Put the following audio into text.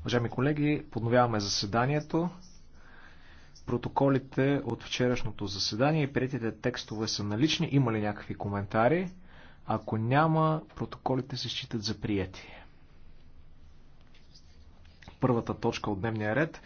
Уважаеми колеги, подновяваме заседанието. Протоколите от вчерашното заседание и приятите текстове са налични. Има ли някакви коментари? Ако няма, протоколите се считат за прияти. Първата точка от дневния ред